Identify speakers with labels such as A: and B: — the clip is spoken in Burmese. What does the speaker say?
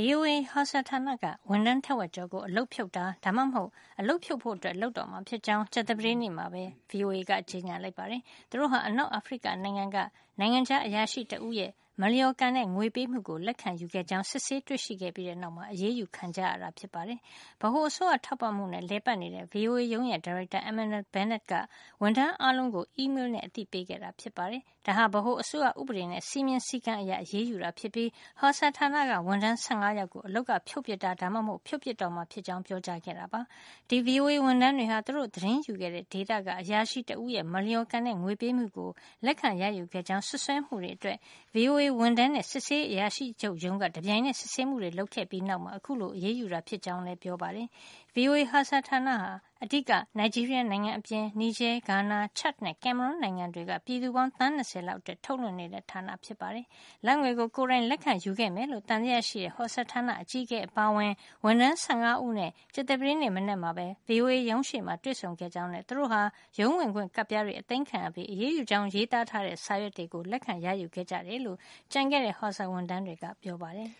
A: VOA ဟာစာဌာနကဝန်ထမ်းထက်ဝက်ကျော်ကိုအလုပ်ဖြုတ်တာဒါမှမဟုတ်အလုပ်ဖြုတ်ဖို့လုပ်တော့မှာဖြစ်ကြောင်းကြာသပတေးနေ့မှာပဲ VOA ကကြေညာလိုက်ပါတယ်။သူတို့ဟာအနောက်အာဖရိကနိုင်ငံကနိုင်ငံခြားအရာရှိတဦးရဲ့မလျော်ကန်တဲ့ငွေပေးမှုကိုလက်ခံယူခဲ့ကြောင်းစစ်ဆေးတွေ့ရှိခဲ့ပြီးနောက်မှာအရေးယူခံကြရတာဖြစ်ပါတယ်။ဗဟိုအစိုးရထောက်ပံ့မှုနဲ့လည်ပတ်နေတဲ့ VOA ရုံးရဲ့ဒါရိုက်တာ Amanda Bennett ကဝန်ထမ်းအားလုံးကိုအီးမေးလ်နဲ့အသိပေးခဲ့တာဖြစ်ပါတယ်။ဒါဟာဗဟိုအစိုးရဥပဒေနဲ့စည်းမျဉ်းစည်းကမ်းအရအရေးယူတာဖြစ်ပြီး Hawser ဌာနကဝန်ထမ်း၁၅ယောက်ကိုအလုပ်ကဖြုတ်ပစ်တာဒါမှမဟုတ်ဖြုတ်ပစ်တော့မှာဖြစ်ကြောင်းပြောကြားခဲ့တာပါ။ဒီ VOA ဝန်ထမ်းတွေဟာသူတို့သတင်းယူခဲ့တဲ့ဒေသကအရာရှိတဦးရဲ့မလျော်ကန်တဲ့ငွေပေးမှုကိုလက်ခံရယူခဲ့ကြောင်းစွပ်စွဲမှုတွေအတွက် VOA တွေဝန်ထမ်းနဲ့စစ်ဆေးရေးအရာရှိချုပ်ရုံးကတပြိုင်နက်စစ်ဆေးမှုတွေလုပ်ခဲ့ပြီးနောက်မှာအခုလိုအရေးယူတာဖြစ်ကြောင်းလည်းပြောပါတယ်။ VOA Hausa ဌာနဟာအဓိကနိုင်ဂျီးရီးယားနိုင်ငံအပြင်နီဂျယ်၊ဂါနာ၊ချဒ်နဲ့ကင်မရွန်းနိုင်ငံတွေကပြည်သူပေါင်းသန်း၂၀လောက်အတွက်ထုတ်လွှင့်နေတဲ့ဌာနဖြစ်ပါတယ်။လာဘ်ငွေကိုကိုယ်တိုင်လက်ခံယူခဲ့မယ်လို့သံသယရှိတဲ့ဟော်စက်ဌာနအကြီးအကဲအပါအဝင်ဝန်ထမ်း၁၅ဦးနဲ့ကြာသပတေးနေ့မနက်မှာပဲ VOA ရုံးရှေ့မှာတွေ့ဆုံခဲ့ကြောင်းနဲ့သူတို့ဟာရုံးဝင်ခွင့်ကဒ်ပြားတွေအသိမ်းခံရပြီးအရေးယူကြောင်းရေးသားထားတဲ့စာရွက်တွေကိုလက်ခံရယူခဲ့ကြတယ်လို့ကျန်ခဲ့တဲ့ဟော်စာဝန်ထမ်းတွေကပြောပါတယ်။